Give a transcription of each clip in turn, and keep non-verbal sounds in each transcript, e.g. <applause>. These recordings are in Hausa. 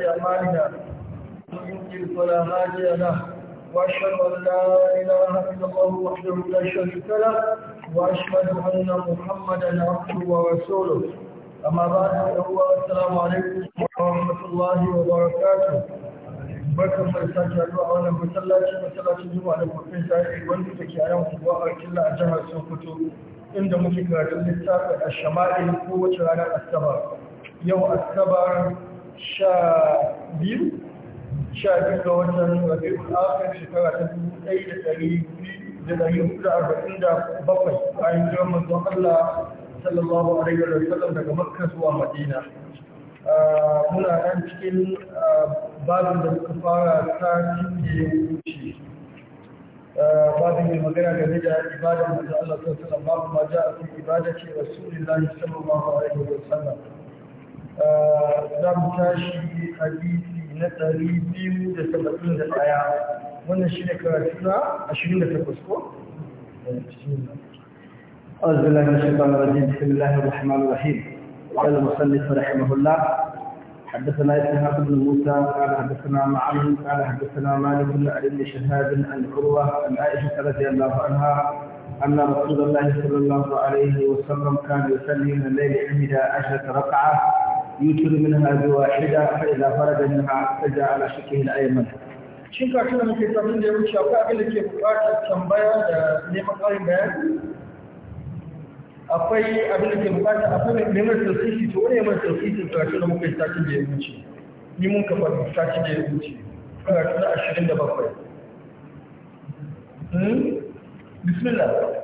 أعمالنا من يضلل فلا هادي له وأشهد أن لا إله إلا الله وحده لا شريك له وأشهد أن محمدا عبده ورسوله أما بعد فهو السلام عليكم ورحمة الله وبركاته barkan farsa jaruwa a wannan masallacin masallacin zuwa da kwafin zahiri wanda ta ke yawan kuwa a killa a jihar sokoto inda muke karatun littafin a shama'il kowace ranar asabar yau asabar sha biyu sha biyu ga watan rabi'ul akhir shekara ta dubu ɗaya da ɗari biyu da ɗari da arba'in da bakwai bayan jiran manzon Allah sallallahu alaihi wa sallam daga makka zuwa madina ah, muna nan cikin ah, babin da suka fara ta cikin wuce ah, babin mai magana game da ibadar manzon Allah da alaihi wa sallam babu ma ja'a fi ibadati rasulillahi sallallahu alaihi wa sallam za mu tashi hadisi na ɗari biyu da saba'in da ɗaya wannan shi ne karatu أعوذ بالله من الشيطان الرجيم بسم الله الرحمن الرحيم قال المصنف رحمه الله حدثنا إسحاق بن موسى قال حدثنا معمر قال حدثنا مالك بن علي بن شهاب عن عروة عن عائشة رضي الله عنها أن رسول الله صلى الله عليه وسلم كان يصلي من الليل عند عشرة ركعة يوتر منها بواحدة فإذا فرد منها فجاء على شكه الأيمن shin kafin da muke tafin da ya wuce akwai abin da ke bukatar tambaya da neman ƙarin bayani akwai abin da ke bukatar akwai neman sosisi to wani neman sosisi kafin da muke tafin da ya wuce ni mun kafa tafin da ya wuce kafin da ashirin da bakwai bismillah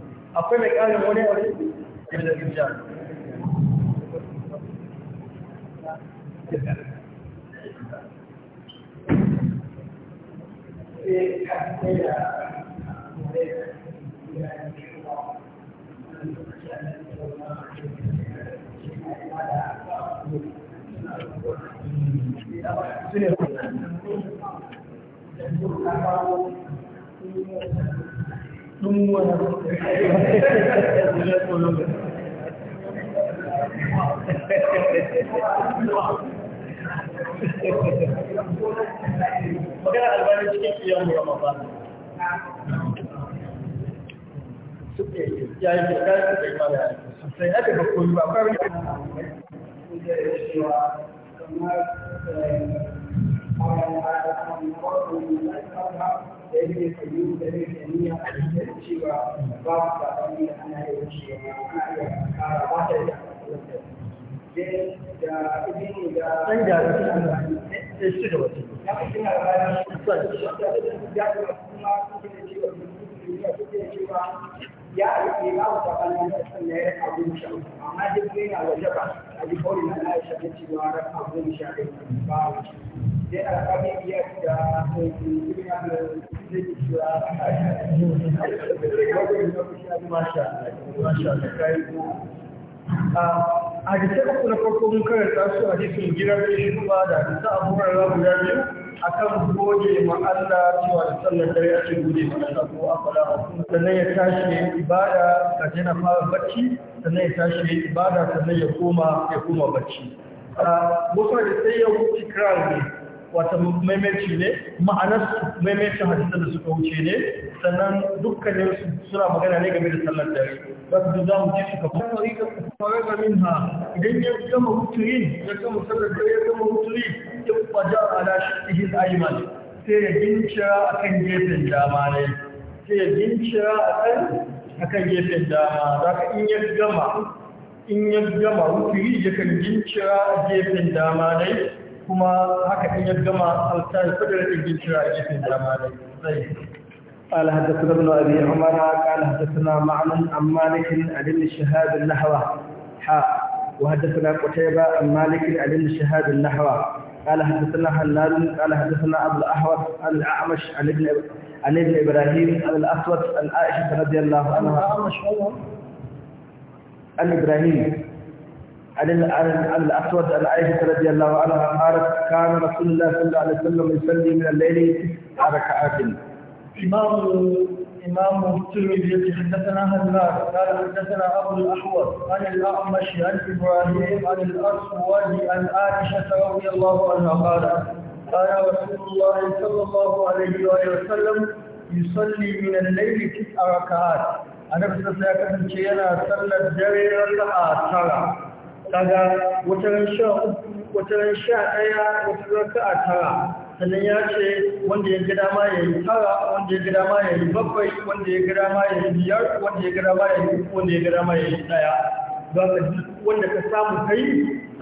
akwai mai ƙarin wani aure ibn Thank you. ɗunguwa magana albani cikin iyan murama ba ya yi kirkar da ya daga ba farko da alfarha ya ne kayu da ne ba su da wani da ana yi wuce ana iya ba da sai da ya ya ya ba abin sha amma duk yana waje ba a jikori na na ya shafi cewa abin sha ba yana iya da mai kuma shi a na farko mun karanta su a jisun gidan shi kuma da ta abubuwan rabu ya biyu a kan goge ma'alla cewa da sallar dare a cikin guje mana ta a fara sannan ya tashi ya ibada ka jana fara bacci sannan ya tashi ya ibada sannan ya koma ya koma bacci ah, da sai ya wuce kira ne wata maimaici ne ma'anar maimaicin hadisar da suka wuce ne sannan dukkanin suna magana ne game da sallar dare ba su za mu ci suka fara rika fara gamin ha idan ya gama huturi ya gama sallar dare ya gama huturi ya kwaja ala shi'ihi al-ayman sai ya gincira kan gefen dama ne sai ya gincira a kan gefen dama za ka in ya gama in ya gama huturi ya kan gincira gefen dama ne kuma haka in ya gama alƙalin fadar ɗin jira a gefen قال حدثنا ابن ابي عمر قال حدثنا معن عن مالك عن الشهاد شهاب النحوه حاء وحدثنا قتيبة عن مالك عن ابن شهاب قال حدثنا حلال قال حدثنا ابو الاحوص عن الاعمش عن ابن عن ابن ابراهيم عن الاسود عن عائشه رضي الله عنها عن ابراهيم عن عن الأسود عن عائشة رضي الله عنها قالت كان رسول الله صلى الله عليه وسلم يصلي من الليل ركعات. إمام إمام الترمذي حدثنا هلال قال حدثنا أبو الأحوص عن الأعمش عن إبراهيم عن الأسود عن عائشة رضي الله عنها قالت قال رسول الله صلى الله عليه وآله وسلم يصلي من الليل تسع ركعات. أنا بس سيكون شيئا أنا أصلي ركعة ترى Daga wata sha uku wata sha ɗaya wata raka a tara sannan ya ce wanda ya gida ma ya yi tara wanda ya gida ma ya yi bakwai wanda ya gida ma ya yi biyar wanda ya gida ma ya yi uku wanda ya gida ma ya yi ɗaya ba ka wanda ka samu kai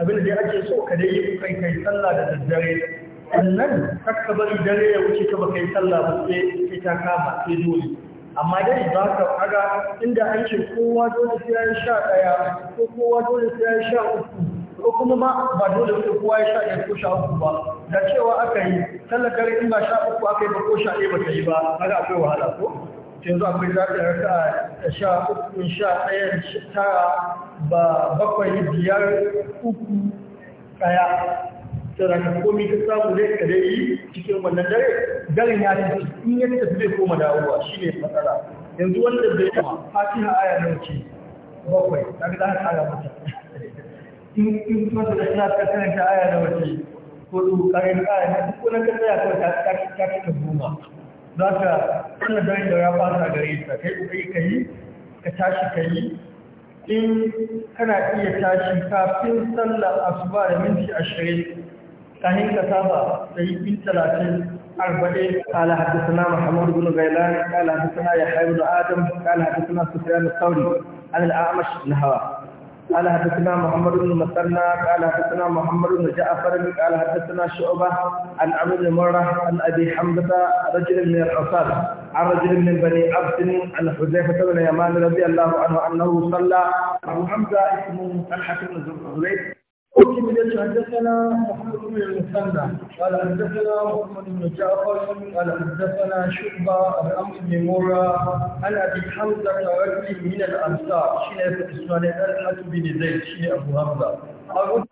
abin da ake so ka dai yi kai kai sallah da daddare sannan kakka bari dare ya wuce ka ba kai sallah ba sai ta kama sai dole amma dai za ka faga inda an ce kowa dole sai ya sha daya ko kowa dole sai ya sha uku ko kuma ma ba dole sai kowa ya sha ɗaya ko sha uku ba da cewa aka yi sallar dare in ba sha uku aka yi ba ko sha ɗaya ba ta yi ba kaga akwai wahala ko yanzu akwai ka raka sha uku sha daya tara ba bakwai biyar uku ɗaya saboda komai ka samu zai ka dai cikin wannan dare garin ya tafi in ya tafi zai koma dawowa ne matsala yanzu wanda bai kama fatiha aya na wuce. bakwai kaga za ka kara mata in in kuma da ina ka karanta aya na wuce. ko du karin aya ne ko na ka tsaya kawai ta ta ta ta goma za ka wannan dare da ya fara gare ka kai kai kai ka tashi kai in kana iya tashi kafin sallar asuba da minti ashirin كهين كتابة سيد ثلاثين أربعين قال حدثنا محمود بن غيلان قال حدثنا يحيى بن آدم قال حدثنا سفيان الثوري عن الأعمش نحوه قال حدثنا محمد بن مثنى قال حدثنا محمد بن جعفر قال حدثنا شعبة عن عمرو بن مرة عن أبي حمزة رجل من الأنصار عن رجل من بني عبد عن حذيفة بن يمان رضي الله عنه أنه صلى أبو حمزة اسمه طلحة بن زبير وكي بدأت حدثنا محمد بن المثنى قال حدثنا محمد بن جعفر قال حدثنا شعبة عن أمس بن مرة عن أبي حمزة رجل من الأنصار شنو اسمه طلحة بن زيد شنو أبو حمزة أقول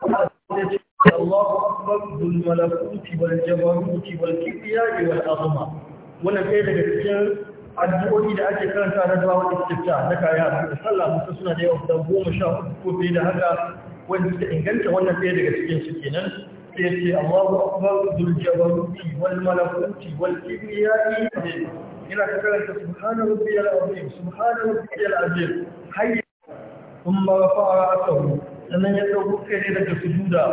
الله أكبر ذو الملكوت والجبروت والكبرياء والعظمة wannan ɗaya daga cikin addu'o'i da ake karanta na dawowar istifta na kayan da sallah musu suna da yawa da goma sha uku ko fiye da haka wanda suka inganta wannan ɗaya daga cikin su kenan sai ce Allahu akbar dul jabaruti wal malakuti wal kibriyai yana ta karanta subhana rabbiyal azim subhana rabbiyal azim hayya thumma a ra'sahu sannan ya dauko kai ne daga sujuda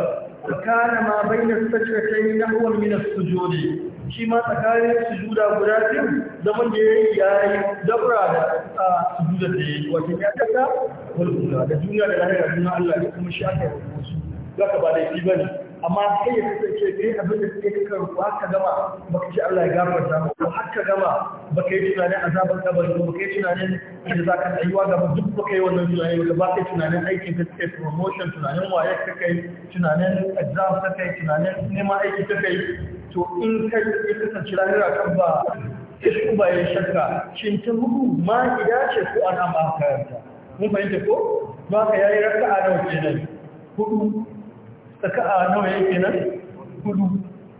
وكان ما بين السجدتين نحو من السجود shi ma tsakanin sujuda guda biyu zaman da ya yi dabra da sujuda da ya yi wata ya kasa walkula da duniya da lahira duniya Allah ya kuma shi aka rubu su za ka ba da yi bane amma kai ya kasance kai abin da kai ka rubu haka gama baka ce Allah ya gafarta maka ko haka gama baka yi tunanin azabar kabari ba baka yi tunanin da za ka tsayuwa gaba duk baka yi wannan tunanin ba ka yi tunanin aikin ka kai promotion tunanin waye ka kai tunanin azab ka kai tunanin neman aiki ka kai to in kai ya kasance lahira kan ba ya shi ba ya shakka shin ta mugu ma gida ce ko ana ma karanta mun fahimta ko ba ka yayi a nawa kenan hudu a nawa yake kenan hudu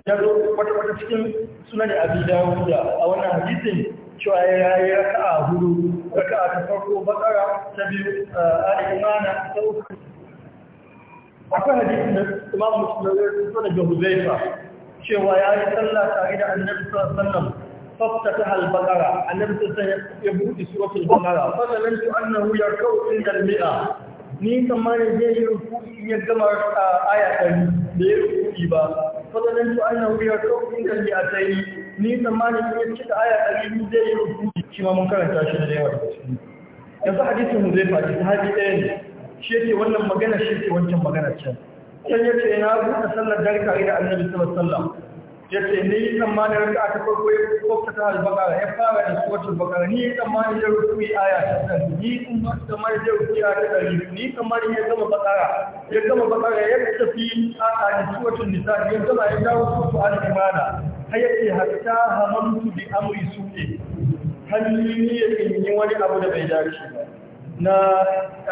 ya zo kwata kwata cikin sunan abi dawud a wannan hadisin cewa yayi raka'a hudu raka'a ta farko bakara ta biyu eh, ali imana ta uku akwai hadisin da imam muslim ya zo daga huzaifa cewa yayi sallah tare da annabi sallallahu alaihi wasallam فافتتح البقرة النبي يبوت سورة البقرة فظننت أنه يركع عند المئة ni tsammanin zai yi rukuki in ya gama aya ɗari da ya rukuki ba fadalan su ana wuyar kawai kan da ta yi ni tsammanin in ya cika aya ɗari ni zai yi rukuki shi mun karanta shi da yawa daga ciki yanzu hadisin mu zai faɗi sahabi ɗaya shi wannan magana shi wancan can can ya ce na buɗe sallar da annabi Yace ce ne yi tsammanin raka ta farko ya kwafta ta albakara ya fara da suwacin bakara ni yi tsammanin ya rukuni aya ta ɗari ni kuma tsammanin ya rukuni aya ta ɗari ni kamar ya gama bakara ya gama bakara ya tafi a da suwacin nisa ya gama ya dawo su al'imana har ya ce hatta hamamtu bi amri suke hannu ni ya yi wani abu da bai dace ba na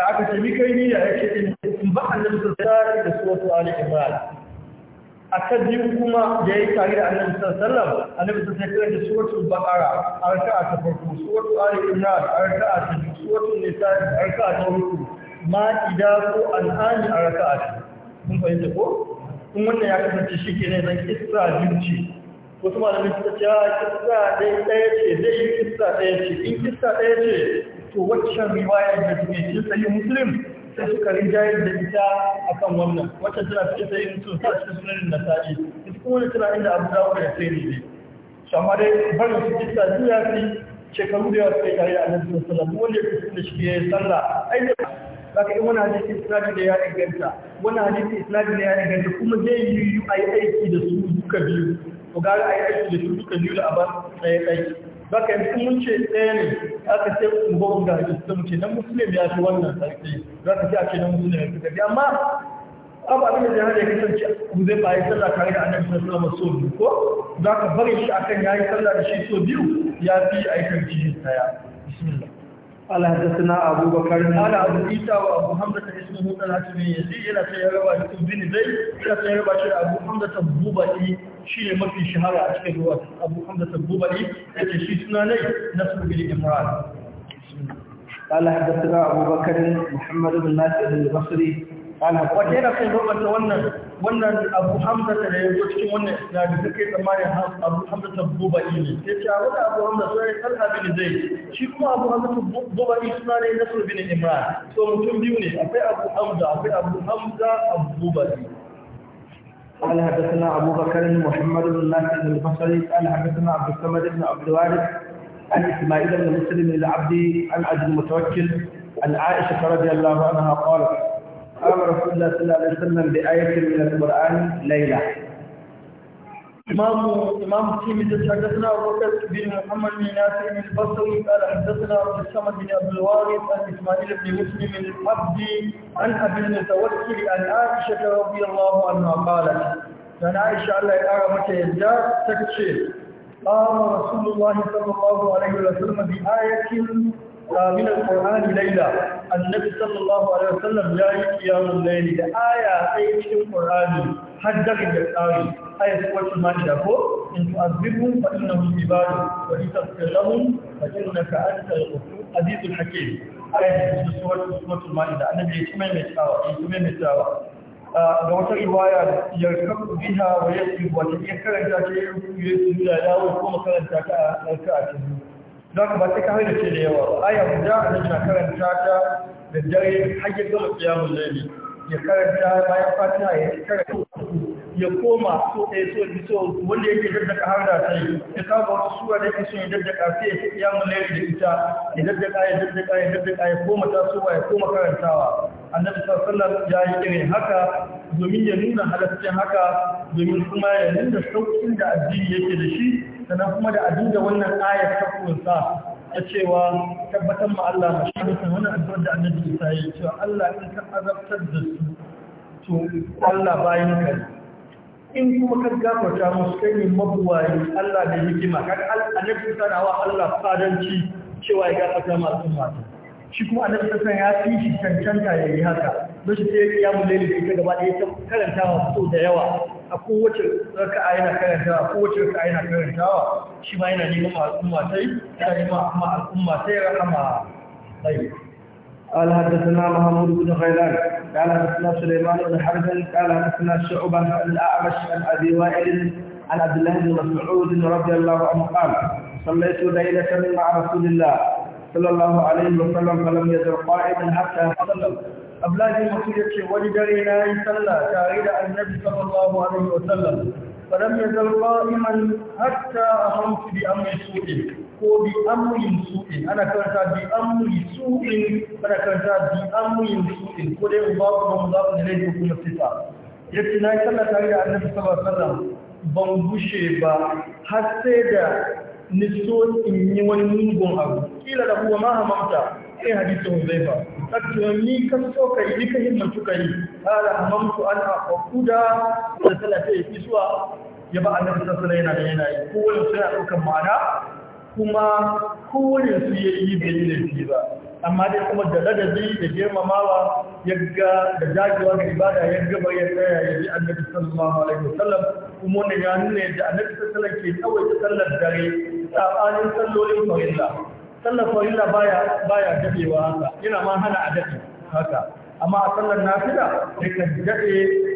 aka ce ni ni ya ce in ba annabi sallallahu alaihi wasallam da suwacin al'imana a ta biyu kuma da ya yi tare da annabi sallallahu annabi ta sai karanta suratul baqara a raka'a ta farko suratul ali imran a raka'a ta biyu suratul nisa a raka'a ta uku ma'ida ko al'ani a raka'a ta kun fahimta ko kun wannan ya kasance shi ke ne zan isra biyu ce wasu malamai suka ce ah, kissa dai ɗaya ce dai kissa ɗaya ce in kissa ɗaya ce to waccan riwayar da take cikin sahih muslim sai suka rinjayar da ita akan wannan wacce tana cikin sai mutum ta cikin sunanin nasa'i ita kuma wani tana inda abu dawo da sai ne shi amma dai barin su kisa juya fi shekaru da yawa sai tare da nan sun sallah wanda ya kusa da shi ya yi sallah ai da ka yi wani hadisi isnadi da ya inganta wani hadisi isnadi da ya inganta kuma zai yi yi aiki da su duka biyu to gara ayi aiki da su duka biyu da abar tsaye tsaye baka yanzu mun ce ɗaya ne aka ce mubarak da hadisi sun ce dan musulun ya fi wannan sarki za ka ce a ce nan musulun ya fi tafi amma abu abin da ya hada ya kasance ku zai bayi sallah kare da annabi sun sama so biyu ko za ka bari shi akan yi sallah da shi so biyu ya fi aikan shi daya قال حدثنا أبو بكر قال أبو إيسا وأبو حمدة اسمه طلحة بن يزيد إلى سيارة بن زيد إلى سيارة أبو حمدة الضبئي شيء ما في شهر أشكال هو أبو حمدة الضبئي التي شيء سناني نسبة لإمران قال حدثنا أبو بكر محمد بن ناصر البصري wata yana kan gabata wannan wannan abu hamzata da ya zo cikin wannan isnadi ta kai tsammanin abu ta buba'i ne sai ce wata abu suna ne talha bin zai shi kuma abu hamzata buba'i suna ne nasu bin imran so mutum biyu ne akwai abu hamza akwai abu hamza abu buba'i قال حدثنا أبو بكر محمد بن ناصر البصري قال حدثنا عبد الصمد بن عبد الوارث عن إسماعيل بن مسلم العبدي عن عبد المتوكل عن عائشة رضي الله عنها قالت قام رسول الله صلى الله عليه وسلم بآية من القرآن ليلة إمام إمام تيمية حدثنا وقت بن محمد بن نافع البصري قال حدثنا عبد الصمد بن عبد الوارث عن إسماعيل بن مسلم العبدي عن أبي المتوكل عن عائشة رضي الله عنها قالت كان عائشة الله يرى متى يدعى تكشف قام رسول الله صلى الله عليه وسلم بآية من القرآن ليلة النبي صلى الله عليه وسلم يا قيام الليل آية أي من القرآن حدك بالآية آية سورة المائدة إن تعذبهم فإنهم عباد وإن تغفر لهم فإنك أنت الغفور عزيز الحكيم آية سورة سورة المائدة النبي يتمم التاوى يتمم التاوى ga wata riwaya ya kafu biha wa yasir wata iya karanta ta yi rufu ya su da dawo ko makaranta ta a cikin don ba ta kawai da ce da yawa ba ayan da a na karanta ta da dare har ya gama tsiyamun laili ya karanta bayan fatiha ya karanta ya koma so ɗaya so biyu so wanda yake daddaka har da sai ya kawo wasu sura da yake so ya daddaka sai ya fi tsiyamun laili da ita ya daddaka ya daddaka ya daddaka ya koma tasowa ya koma karantawa annabi sallallahu ya yi irin haka domin ya nuna halaccin haka domin kuma ya nuna saukin da addini yake da shi sannan kuma da abin da wannan ayar ta kunsa ta cewa tabbatar ma Allah ma shi da wannan addu'ar da annabi Isa ya cewa Allah in ka azabtar da su to Allah bayan ka in kuma ka gafarta musu kai ne mabuwayi Allah da hikima kaga annabi Isa na wa Allah fadanci cewa ya gafarta ma al'umma shi kuma annabi sassan ya fi shi cancanta ya yi haka don shi sai ya mu laili ita gaba ɗaya ta karantawa so da yawa a kowace raka'a yana karantawa a kowace raka'a yana karantawa shi ma yana neman al'umma sai yana neman amma al'umma sai rahama sai قال محمود بن غيلان قال حدثنا سليمان بن حرب قال حدثنا شعبة عن عن أبي وائل عن عبد الله بن مسعود رضي الله عنه قال صليت مع رسول الله صلى الله عليه وسلم فلم قائدا حتى wani dare na yi tare da annabi sallallahu alaihi wa sallam falam ya zalba iman hatta ahamtu bi ana ban yi tare da annabi ban bushe ba har sai da ni so in yi wani mugun abu kila da kuwa ma hamamta sai hadisi huzaifa kacewa ni kan so ka yi ni ka himmatu ka yi ala hamamtu an akuda da salata ya fi ya ba annabi sallallahu alaihi wasallam yana yi kowanne sai a ɗaukar ma'ana kuma kowanne su yayi bai laifi ba amma dai kuma da ladabi da girmamawa yagga da dagewa da ibada ya gaba ya tsaya ya ji annabi sallallahu alaihi wasallam kuma wannan ya nuna yadda annabi sallallahu alaihi wasallam ke tsawaita sallar dare tsakanin sallolin farilla sallar farilla baya baya dadewa haka yana ma hana a haka amma a sallar nafila sai ka dade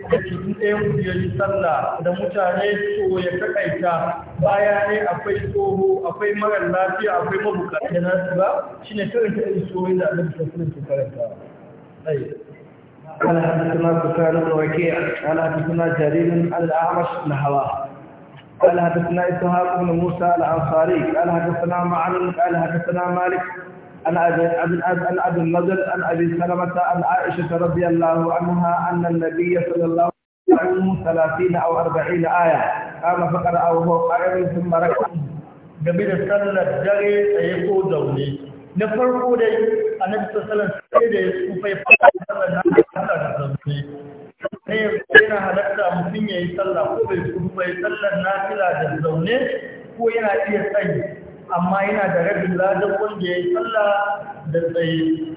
da ɗaya sallah da mutane su ya takaita baya ne akwai tsoho akwai marar lafiya akwai mabuka da su ba shi ne ta yi tsoho da annabi sassanin su karanta قال حدثنا سفيان بن موسى الانصاري قال حدثنا معن قال حدثنا مالك عن أبي النضر عن أبي سلمة عن عائشة رضي الله عنها أن النبي صلى الله عليه وسلم ثلاثين أو أربعين آية قام فقرأ وهو ثم ركع game da sallar dare tsaye ko zaune na farko a na bisa sallar da ya fara da zaune ne yana halatta mutum ya yi sallah ko bai tsufai sallar na da zaune ko yana iya tsayi amma yana da rabin ladan wanda ya yi sallah da tsaye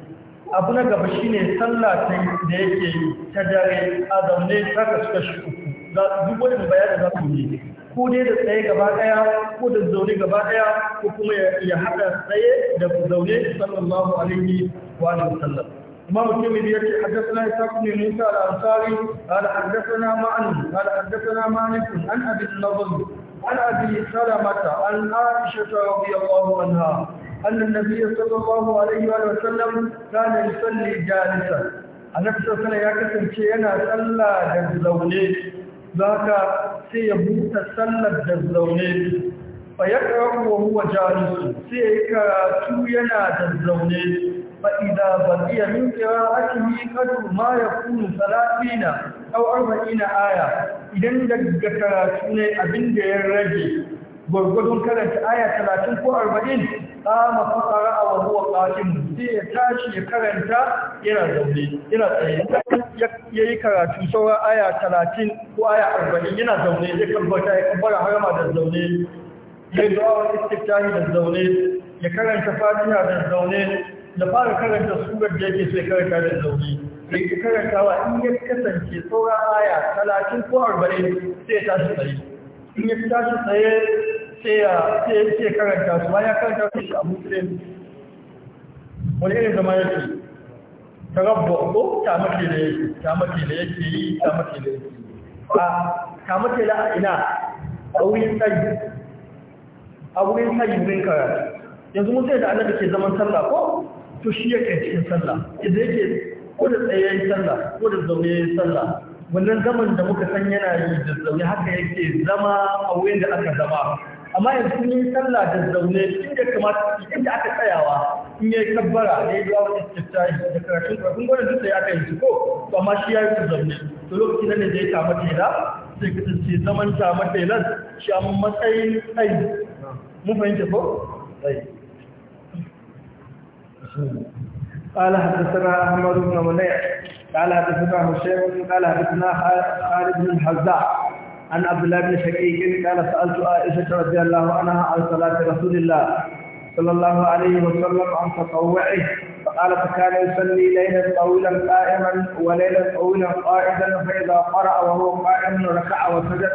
abu na gaba shi ne sallah da yake yi ta dare a zaune ta kasu shi uku za su duk wani da za su yi ko dai da tsaye gaba daya ko da zaune gaba daya ko kuma ya haɗa tsaye da zaune sallallahu alaihi wa sallam إمام الترمذي يقول حدثنا إسحاق بن موسى الأنصاري قال حدثنا معن haddasa na مالك an أبي النضر عن أبي سلمة عن عائشة رضي الله عنها أن النبي صلى الله عليه وسلم كان يصلي جالسا annabi sallallahu ya kasance yana sallah da zaune zaka sai ya buta sallar da zaune fa yaqra'u wa huwa jalis sai karatu yana da zaune fa idza baqiya min qira'atihi qad ma yakunu salatina au arba'ina aya idan daga karatu ne abin da ya rage gwargwadon karanta aya talatin ko arba'in, qama fa qara'a wa huwa qasim sai ya tashi ya karanta yana zaune yana tsaye yayi karatu saura aya talatin ko aya arba'in yana zaune ya kabbata ya kabbara harama da zaune ya du'a wa istiftahi da zaune ya karanta fatiha da zaune da fara karanta surar da yake sai karanta da zaune da karantawa in ya kasance tsora aya talatin ko arba'in sai ya tashi tsaye in ya tashi tsaye sai ya karanta su bayan karanta su shi a musulun wani irin zama ya ce ta rabu ko tamake da yake tamake da yake yi tamake da yake a tamake da ina a wurin tsayi a wurin tsayi wurin karatu yanzu mun sai da annabi ke zaman sallah ko to shi yake cikin sallah idan yake ko da tsaye ya yi sallah ko da zaune ya yi sallah wannan zaman da muka san yana yi da zaune haka yake zama a wurin da aka zama amma yanzu yi sallah da zaune inda kamata da aka tsayawa in yi kabbara da yayi dawo istiftahi da karatun karatun gwanin duk da ya aka yi ko to amma shi ya yi su zaune to lokaci na ne zai kama tela sai ka kasance zaman kama telan shi amma matsayin tsayi mun fahimta ko tsayi. قال حدثنا أحمد بن منيع قال حدثنا هشام قال حدثنا خالد بن الحزاع عن عبد الله بن شقيق قال سألت عائشة رضي الله عنها عن صلاة رسول الله صلى الله عليه وسلم عن تطوعه فقال فكان يصلي ليلا طويلا قائما وليلا طويلا قاعدا فإذا قرأ وهو قائم ركع وسجد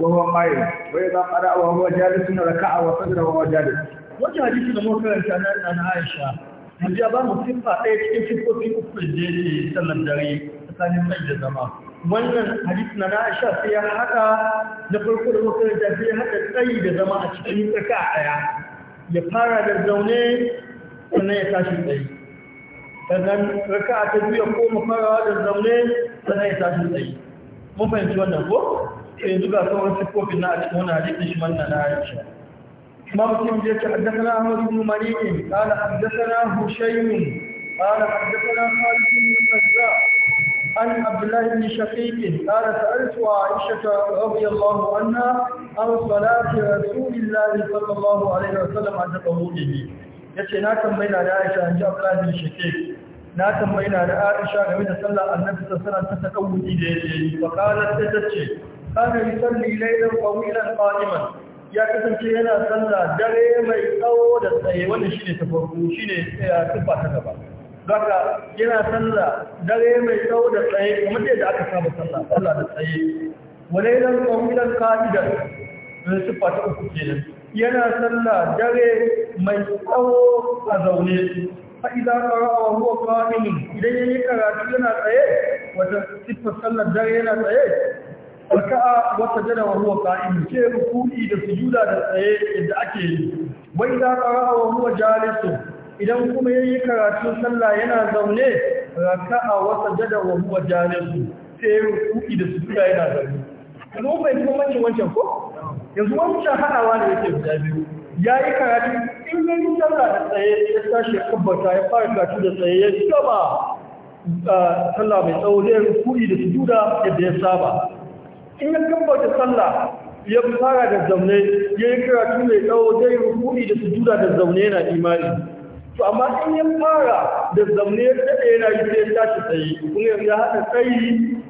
وهو قائم وإذا قرأ وهو جالس ركع وسجد وهو جالس. وجه حديث أبو كرم عن عائشة yanzu ya ba mu siffa ɗaya cikin siffofi uku da yake sallan dare tsakanin mai da zama wannan hadisi na na Aisha sai ya haɗa na farko da makaranta sai ya haɗa tsayi da zama a cikin tsaka ɗaya ya fara da zaune sannan ya tashi tsayi sannan raka ta biyu ya koma farawa da zaune sannan ya tashi tsayi mun fahimci wannan ko yanzu ga sauran siffofin na a cikin wani hadisi shi wannan na Aisha مسلم جيت حدثنا أحمد بن مريم قال حدثنا هشيم قال حدثنا خالد بن فزاع عن عبد الله بن شقيق قال سألت عائشة رضي الله عنها عن صلاة رسول الله صلى الله عليه وسلم عند قبوله yace na tambayi na da Aisha an ji Abdullahi bin Shaqiq na tambayi na da Aisha game da sallar Annabi sallallahu alaihi ta tawudi da yake yi ta kana ya kasance yana sallah dare mai tsawo da tsaye wannan shine ta farko ya eh, sifa ta gaba zaka yana sallah dare mai tsawo da tsaye kamar yadda aka saba sallah sallah da tsaye walailan qawlan qa'idan eh, sifa ta uku kenan yana sallah dare mai tsawo a zaune fa idza qara'a huwa qa'imun idan yayi karatu yana tsaye wata sifa sallar dare yana tsaye raka'a wa sajada wa huwa qa'im ke ruku'i da sujuda da tsaye yadda ake yi wa idza qara'a wa huwa jalisun idan kuma yayi karatun sallah yana zaune raka'a wa sajada wa huwa jalisun sai ruku'i da sujuda yana zaune kuma bai kuma mace wancan ko yanzu wancan hadawa ne yake guda biyu yayi karatu in yayi sallah da tsaye ya tashi kabbata ya fara karatu da tsaye ya gaba ah, sallah mai tsawo zai ruku'i da sujuda yadda ya saba in ya kammata sallah ya fara da zaune ya yi karatu mai tsawo zai rukuni da su juda da zaune yana imani to amma in ya fara da zaune ya tsaye yana yi sai ya tashi tsaye kuma ya haɗa tsayi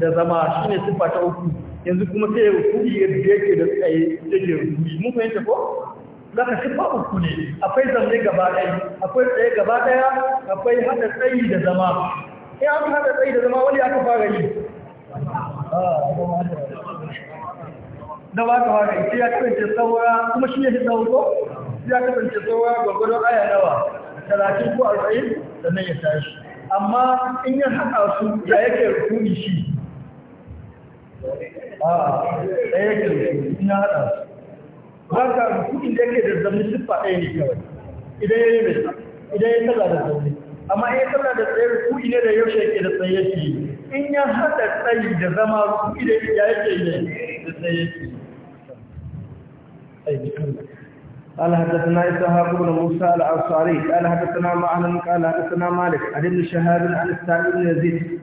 da zama shi ne siffa ta uku yanzu kuma sai ya rukuni yadda yake da tsaye yake rukuni mun fahimta ko zaka siffa uku ne akwai zaune gaba ɗaya akwai tsaye gaba ɗaya akwai haɗa tsayi da zama in an haɗa tsayi da zama wani aka fara yi da ba ka waka ita ya kasance tsawara kuma shi ne hitsawo ko ya kasance saura gwagwadon aya nawa talatin ko arba'in sannan ya tashi amma in ya haka su ya yake rukuni shi a ɗaya yake rukuni in ya haɗa su ba ka rukuni da yake da zamin siffa ɗaya ne kawai idan ya yi mai idan ya tsalla da zaune amma in ya tsalla da tsaye rukuni ne da yaushe yake da tsaye shi in ya haɗa tsayi da zama rufi da ya yake ne da tsaye yake قال حدثنا إسحاق بن موسى الأنصاري قال حدثنا معن قال حدثنا مالك عن ابن شهاب عن السائب بن يزيد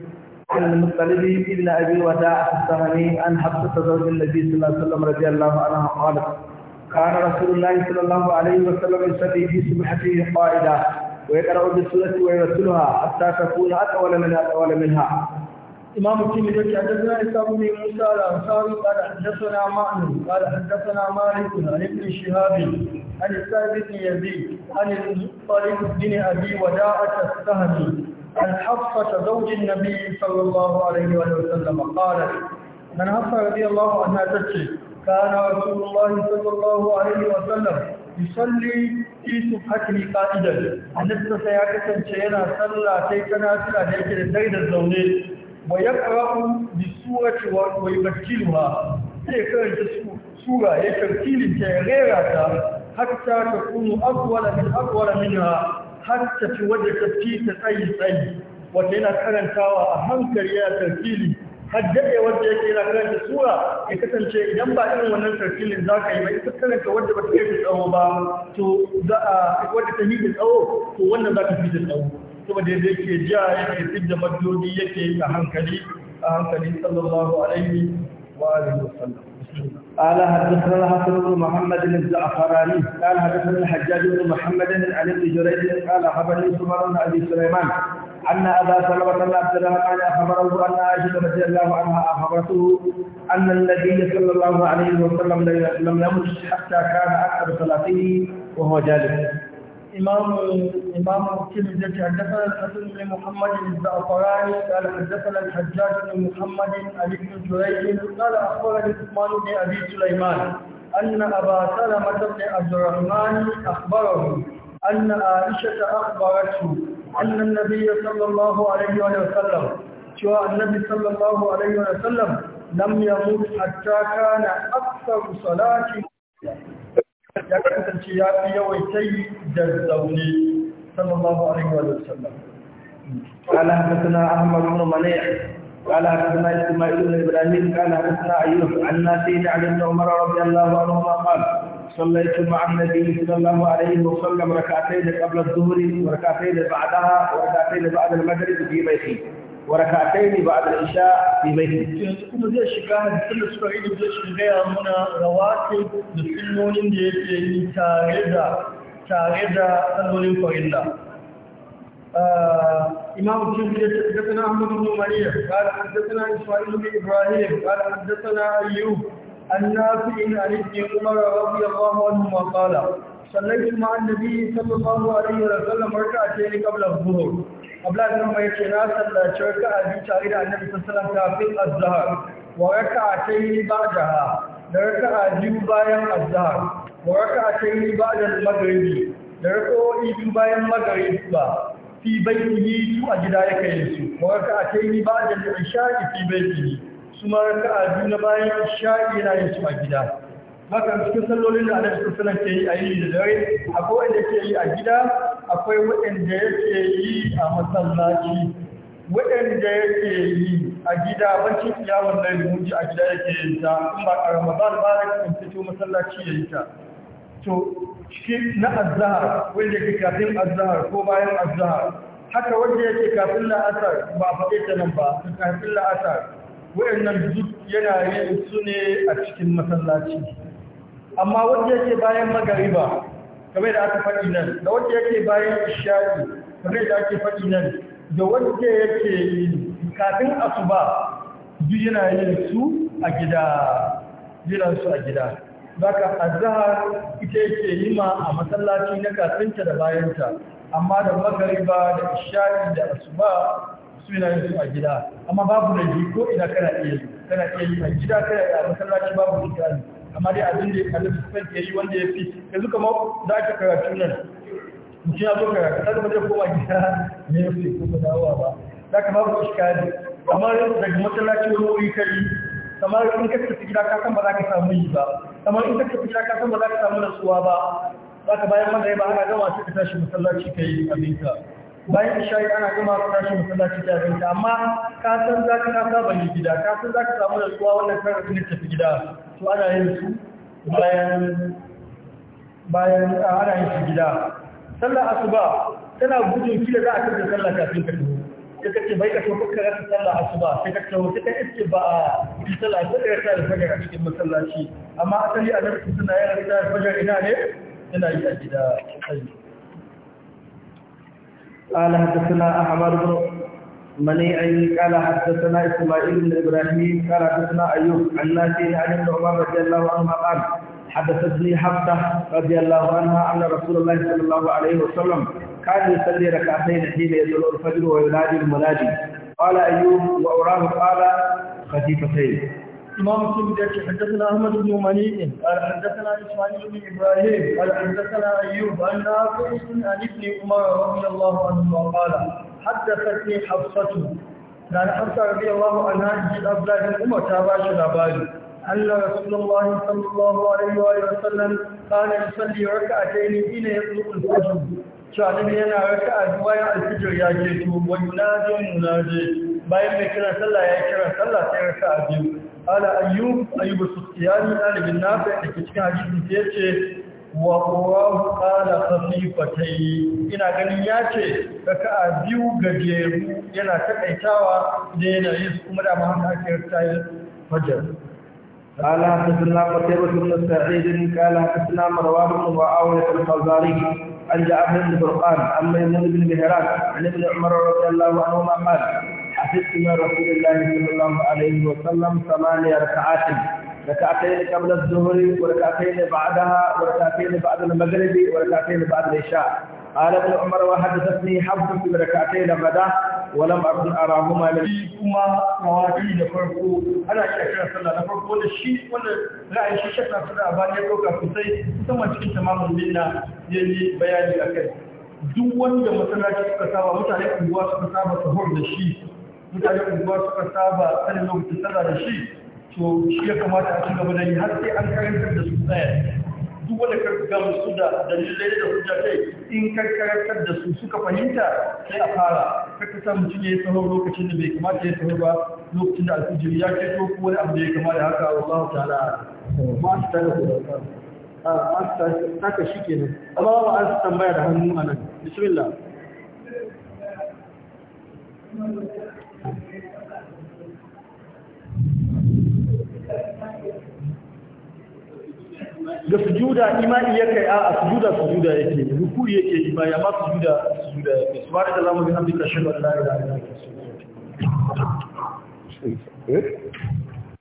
عن المطلب بن أبي وداع السهمي عن حفصة زوج النبي صلى الله عليه وسلم رضي الله عنها قالت كان رسول الله صلى الله عليه وسلم يصلي في سبحته قائدا ويقرأ بالسورة ويرسلها حتى تكون أطول من أطول منها imamu kimi da kyan da zuwa isa ku ne musa da ansaru kada haddasana ma'anin kada haddasana malikun a nufin shihabi a nisa yazi a nufin gini a bi wa da'ata ta hannu an haffa zaujin na biyu sallallahu alaihi wa sallama kara man haffa rabi allahu an hata ce kana rasulullahi sallallahu alaihi wa sallam yusalli isu hakini ka'idar a nufin sa ya kasance yana sallah sai kana suna da yake da sai da zaune wa ya ƙara'u bi surati wa yubakkiluha sai karanta sura ya tartilin ta ya rera ta hatta ta kunu akwala min akwala minha hatta ci wadda ta ci ta tsayi tsayi wata yana karantawa a hankali yana tartili haddade wanda yake yana karanta sura ya kasance idan ba irin wannan tartilin za ka yi ba ita karanta wadda ba ta kai tsawo ba to za a wadda ta yi tsawo ko wannan za ta fi tsawo saboda yadda yake ja yake fidda maddodi yake yi a hankali a hankali sallallahu alaihi wa alihi wasallam قال حدثنا الحسن بن محمد الزعفراني قال حدثنا الحجاج بن محمد عن ابن جريج قال خبرني سمر بن ابي سليمان ان ابا سلمه بن عبد الرحمن اخبره ان عائشه رضي الله عنها اخبرته ان النبي صلى الله عليه وسلم لم يمش حتى كان اخر صلاته وهو جالس إمام إمام كلمة حدثنا الحسن بن محمد الزعفراني قال حدثنا الحجاج بن محمد علي بن جريج قال أخبرني عثمان بن أبي سليمان أن أبا سلمة بن عبد الرحمن أخبره أن عائشة أخبرته أن النبي صلى الله عليه وسلم شوى النبي صلى الله عليه وسلم لم يموت حتى كان أكثر صلاة ya kasance ya fi yawaita yi da zaune sallallahu alaihi wa sallam قال حدثنا احمد بن منيع قال حدثنا اسماعيل بن ابراهيم قال حدثنا ايوب عن نافع عن ابن عمر رضي الله عنهما قال صليت مع النبي صلى الله عليه وسلم ركعتين قبل الظهر وركعتين بعدها وركعتين بعد المغرب في بيتي وركعتين بعد العشاء في بيته kuma zai shiga hadisin da suka rage zai shiga gaya muna rawatib da sunnonin da yake yi tare da tare da sallolin farilla إمام الترمذي حدثنا أحمد بن مريم قال حدثنا إسماعيل بن إبراهيم قال حدثنا أيوب النافع عن ابن عمر رضي الله عنهما قال صليت مع النبي صلى الله عليه وسلم ركعتين قبل الظهر Abdullahi bin Umar yace na sallaci raka'a biyu tare da Annabi sallallahu alaihi wasallam kafin azhar wa raka'atayn ba'daha da raka'a biyu bayan azhar wa raka'atayn ba'da al-maghrib da raka'o'i biyu bayan maghrib ba fi baitihi su a gida ya kai su wa raka'atayn ba'da al-isha'i fi baitihi su ma raka'a biyu na bayan isha'i yana yin su a gida haka cikin sallolin da Annabi sallallahu alaihi wasallam ke yi a yi da dare akwai wanda ke yi a gida akwai waɗanda yake yi a masallaci waɗanda yake yi a gida bacci yawon yi muji a gida yake yi ta in ba a ramadan ba na kan fito masallaci ya yi ta to ciki na azhar wanda yake kafin azhar ko bayan azhar haka wanda yake kafin la'asar ba a faɗe ta nan ba kafin la'asar waɗannan duk yana yin su ne a cikin masallaci amma wanda yake bayan magariba kamar da aka faɗi nan da wanda yake bayan isha'i kamar da ake faɗi nan da wanda yake kafin asuba duk yana yin su a gida jiran su a gida zaka azhar ita yake yi ma a masallaci na kafinta da bayanta amma da magariba da isha'i da asuba su yana yin su a gida amma babu da ko ina kana iya yi kana iya yi a gida kana iya masallaci babu da amma dai abin da ya kalli ke yi wanda ya fi yanzu kamar za ka karatu nan mutum ya zo karatu ta zama zai koma gida <laughs> ne ya fi kuma dawowa ba za ka babu iskari kamar daga masallaci wani wuri kai. kamar in ka tafi gida ka san ba za ka samu yi ba kamar in ka tafi gida ka san ba za ka samu nasuwa ba za ka bayan mana ba ana gama sai ka tashi masallaci ka yi abinka bayan isha'i ana gama ka tashi masallaci ta abinka amma ka san za ka saba yi gida ka san za ka samu nasuwa wannan karar ne tafi gida to ana yin su bayan bayan ana yin su gida sallar asuba tana gudun kila za a tafi sallah kafin ka taho sai kace bai ka tafi ka rasa sallah asuba sai ka taho sai iske ba a yi sallah sai ka rasa alfajar a cikin masallaci amma asali a nan suna yin rasa alfajar ina ne yana yi a gida sai قال حدثنا أحمد بن منيعي قال حدثنا إسماعيل بن إبراهيم قال حدثنا أيوب عن نافع عن ابن عمر رضي الله عنهما قال حدثتني حفصة رضي الله عنها أن رسول الله صلى الله عليه وسلم كان يصلي ركعتين حين يطلع الفجر وينادي المنادي قال أيوب وأراه قال خفيفتين إمام مسلم ذلك حدثنا أحمد بن منيع قال حدثنا إسماعيل بن إبراهيم قال حدثنا أيوب عن نافع عن ابن عمر رضي الله عنهما قال haddathatni hafsatu dan hafsa radiyallahu anha ji abdullahi bin umar ta shi labari anna rasulullahi sallallahu alaihi wa sallam kana yusalli rak'atayn ina yatlu al-fajr cewa nabi yana raka'a bayan al-fajr ya ke to wa yunadi bayan mai kira sallah ya kira sallah sai raka'a biyu ala ayyub ayyub sufyani alibin nafi da cikin hadisi yace wa kowar kala safifatai ina ganin ya ce ka a biyu gajeru yana taɗaitawa da yi su kuma dama hannun ake rikayen fajar. kala ta suna fatai wasu na sa'idin kala ta suna marwa mutum wa awon ya kalfazari an ji abin da burkan an mai nuna bin mihran an yi da umarar rafiyar lawa a roma mal a fiskunan rasulullahi sallallahu alaihi wasallam samaniyar ta'atin ركعتين قبل الظهر وركعتين بعدها وركعتين بعد المغرب وركعتين بعد العشاء قال ابن عمر وحدثتني حفظ في ركعتين غدا ولم أكن أراهما من كما رواتي لفرقو أنا شكرا صلى الله عليه وسلم ولا شيء ولا لا شيء شكرا صلى الله عليه وسلم أبان كسي ثم تكون تمام لنا يلي بياني أكد duk wanda masallaci suka saba mutane unguwa suka saba sahur da shi mutane unguwa suka saba sanin lokacin sallah da shi to shi ya kamata a ci da yi har sai an karantar da su tsaya duk wanda ka musu da dalilai da hujja kai in ka karantar da su suka fahimta sai a fara kaka sa mutum ya yi tsawon lokacin da bai kamata ya tsawo ba lokacin da alfijiri ya ke ko wani abu da ya kama da haka wallahu ta'ala ma su ta da a taka shi ke nan amma ba an tambaya da hannu a nan bismillah da sujuda imani yake a sujuda sujuda yake ruku yake imani amma sujuda sujuda yake subhanahu wa da bihamdika ashhadu an la ilaha illa anta astaghfiruka wa atubu ilaik eh?